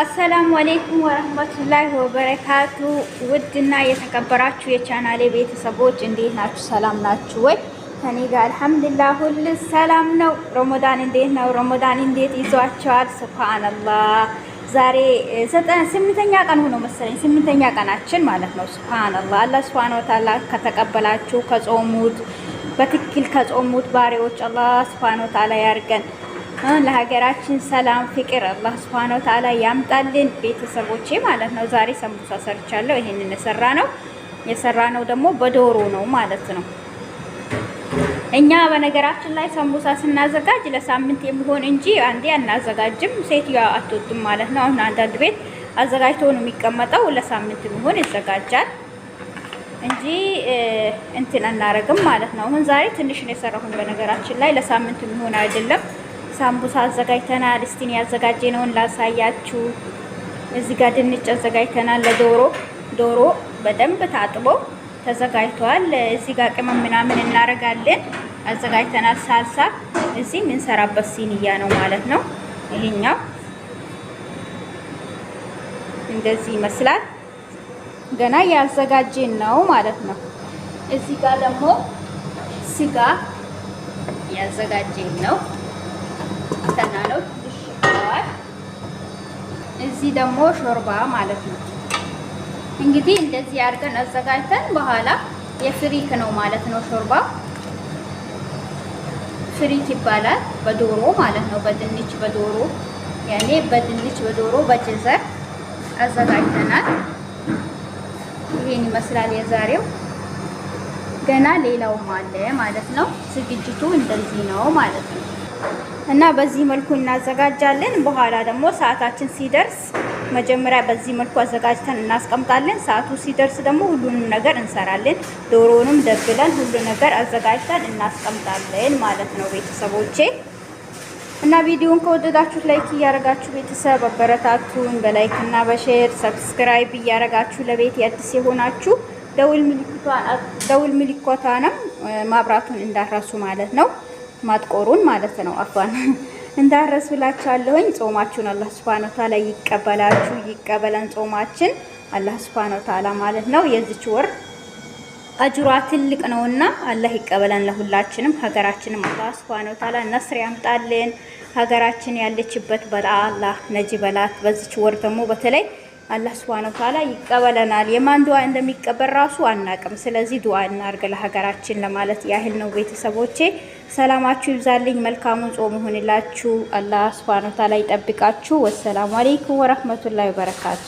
አሰላሙ አሌይኩም ወረህመቱላሂ ወበረካቱ። ውድና የተከበራችሁ የቻናሌ ቤተሰቦች እንዴት ናችሁ? ሰላም ናችሁ ወይ? ከኔ ጋር አልሐምዱሊላህ ሁሉ ሰላም ነው። ረመዳን እንዴት ነው? ረመዳን እንዴት ይዟቸዋል? ሱብሃነላህ ዛሬ ስምንተኛ ቀን ሆኖ መሰለኝ ስምንተኛ ቀናችን ማለት ነው። ሱብሃነላህ አላህ ሱብሃነሁ ወተዓላ ከተቀበላችሁ ከጾሙት በትክክል ከጾሙት ባሪዎች አላህ ሱብሃነሁ ወተዓላ ያርገን። ለሀገራችን ሰላም፣ ፍቅር አላህ ስብሐነ ወተዓላ ያምጣልን። ቤተሰቦቼ ማለት ነው። ዛሬ ሰንቡሳ ሰርቻለሁ። ይሄንን የሰራ ነው የሰራ ነው ደግሞ በዶሮ ነው ማለት ነው። እኛ በነገራችን ላይ ሰንቡሳ ስናዘጋጅ ለሳምንት የሚሆን እንጂ አንዴ አናዘጋጅም። ሴትዮዋ አትወድም ማለት ነው። አሁን አንዳንድ ቤት አዘጋጅቶ ነው የሚቀመጠው። ለሳምንት የሚሆን ይዘጋጃል እንጂ እንትን አናረግም ማለት ነው። አሁን ዛሬ ትንሽ ነው የሰራሁን በነገራችን ላይ ለሳምንት የሚሆን አይደለም። ሳምቡሳ አዘጋጅተናል። እስቲን ነውን ላሳያችሁ። እዚህ ጋር ድንች አዘጋጅተናል ለዶሮ። ዶሮ በደንብ ታጥቦ ተዘጋጅቷል። እዚህ ጋር ቅመም ምናምን እናደርጋለን። አዘጋጅተናል ሳልሳ። እዚህ የምንሰራበት ሲኒያ ነው ማለት ነው። ይሄኛው እንደዚህ ይመስላል። ገና ያዘጋጀን ነው ማለት ነው። እዚህ ጋር ደግሞ ስጋ ያዘጋጀን ነው። አፍልተና ነው ትንሽ ይዋል። እዚህ ደግሞ ሾርባ ማለት ነው። እንግዲህ እንደዚህ አድርገን አዘጋጅተን በኋላ የፍሪክ ነው ማለት ነው። ሾርባ ፍሪክ ይባላል። በዶሮ ማለት ነው። በድንች በዶሮ ያኔ በድንች በዶሮ በጀዘር አዘጋጅተናል። ይሄን ይመስላል የዛሬው። ገና ሌላውም አለ ማለት ነው። ዝግጅቱ እንደዚህ ነው ማለት ነው። እና በዚህ መልኩ እናዘጋጃለን። በኋላ ደግሞ ሰዓታችን ሲደርስ መጀመሪያ በዚህ መልኩ አዘጋጅተን እናስቀምጣለን። ሰዓቱ ሲደርስ ደግሞ ሁሉንም ነገር እንሰራለን። ዶሮውንም ደብለን ሁሉ ነገር አዘጋጅተን እናስቀምጣለን ማለት ነው ቤተሰቦቼ። እና ቪዲዮውን ከወደዳችሁት ላይክ እያደረጋችሁ ቤተሰብ አበረታቱን። በላይክ እና በሼር ሰብስክራይብ እያደረጋችሁ ለቤት የአዲስ የሆናችሁ ደውል ምልክቷ ደውል ምልክቷንም ማብራቱን እንዳረሱ ማለት ነው። ማጥቆሩን ማለት ነው። አፏን እንዳረስ ጾማችሁን አላህ ሱብሃነሁ ወተዓላ ይቀበላችሁ፣ ይቀበለን ጾማችን አላህ ሱብሃነሁ ወተዓላ ማለት ነው። የዚች ወር አጅሯ ትልቅ ነውና አላህ ይቀበለን ለሁላችንም። ሀገራችንም አላህ ሱብሃነሁ ወተዓላ ነስር ያምጣልን። ሀገራችን ያለችበት በላ አላህ ነጂ በላት። በዚች ወር ደግሞ በተለይ አላህ ሱብሃነሁ ወተዓላ ይቀበለናል። የማን ዱዓ እንደሚቀበል ራሱ አናቅም። ስለዚህ ዱዓ እናርግ ለሀገራችን ለማለት ያህል ነው። ቤተሰቦቼ ሰላማችሁ ይብዛልኝ። መልካሙን ጾም ይሁንላችሁ። አላህ ሱብሃነሁ ወተዓላ ይጠብቃችሁ። ወሰላሙ አለይኩም ወረህመቱላሂ ወበረካቱ